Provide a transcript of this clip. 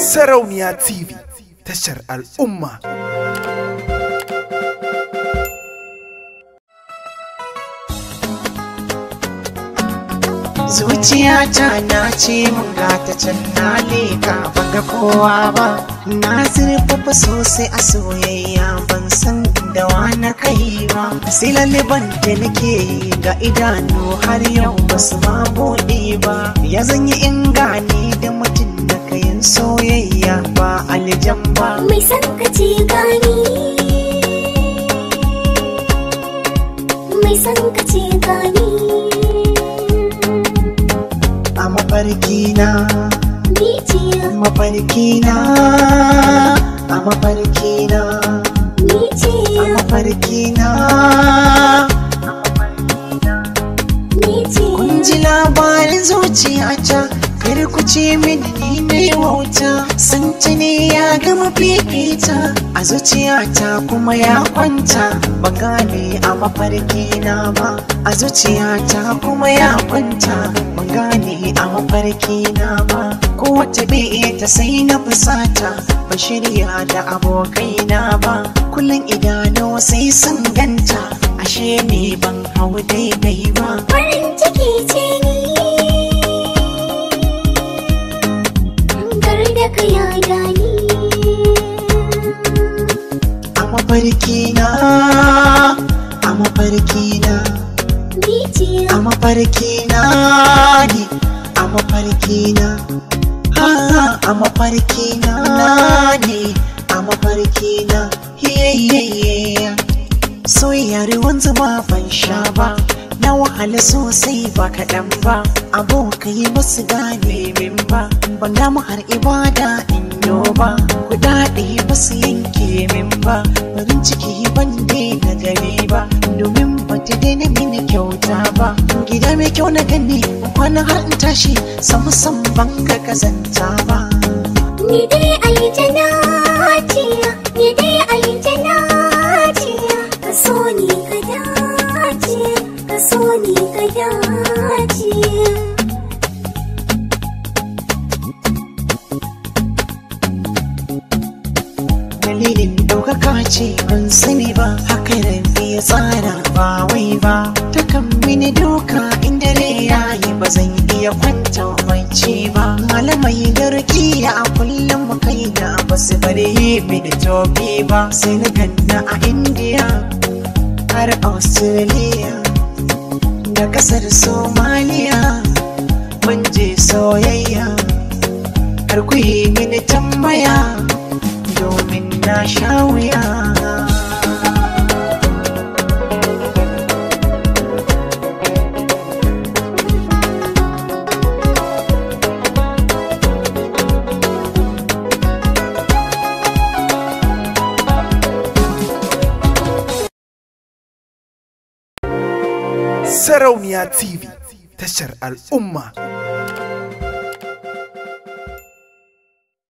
Sarauniya TV tashar al'umma. Zuciya ta na ce mun ta can na leka ba ga kowa ba na zurfafa sosai a soyayya ban san da wani kai ba sai ban da nake yi ga idanu har yau ba su ma buɗe ba ya zanyi in gane da mutum soyayya ba aljan ba mai san ka ce gani mai san ka ce gani a mafarki na mafarki na a mafarki na a mafarki na kun ji labarin zuciya ta kar ce min ni ne wauta ne ya gama fifita a zuciyata kuma ya kwanta ba gane a mafarki na ba a zuciyata kuma ya kwanta ba gane a mafarki na ba ko wata ta sai na fusata ba shirya da abokai na ba kullum idanu sai sun ganta ashe ne ban hau daidai ba farin ciki ce mafarkina a mafarkina a mafarkina ne a mafarkina a mafarkina ne a mafarkina soyayyar ruwan zuma ban sha ba na wahala sosai ba kaɗan ba abokai ba su gane min ba ban damu har ibada in ba kuɗaɗe ba su yanke min ba farin ciki ban na gare ba domin ba ta daina mini kyauta ba gida mai kyau na gani kwanan har in tashi samu san ban ga kazanta ba ni dai aljana ce ni dai ni ka dace dalili ɗaukaka ce ban sani ba haka rabi ya tsara ba wai ba ta kan mini doka in ya yi ba zan iya kwanta bacci ba malamai garki ya kullum kai da ba su bari yi mini tobi ba sai na ganna a indiya har australia da kasar somaliya mun je soyayya har ku mini tambaya domin na sha wuya Sarauniya TV tashar al'umma.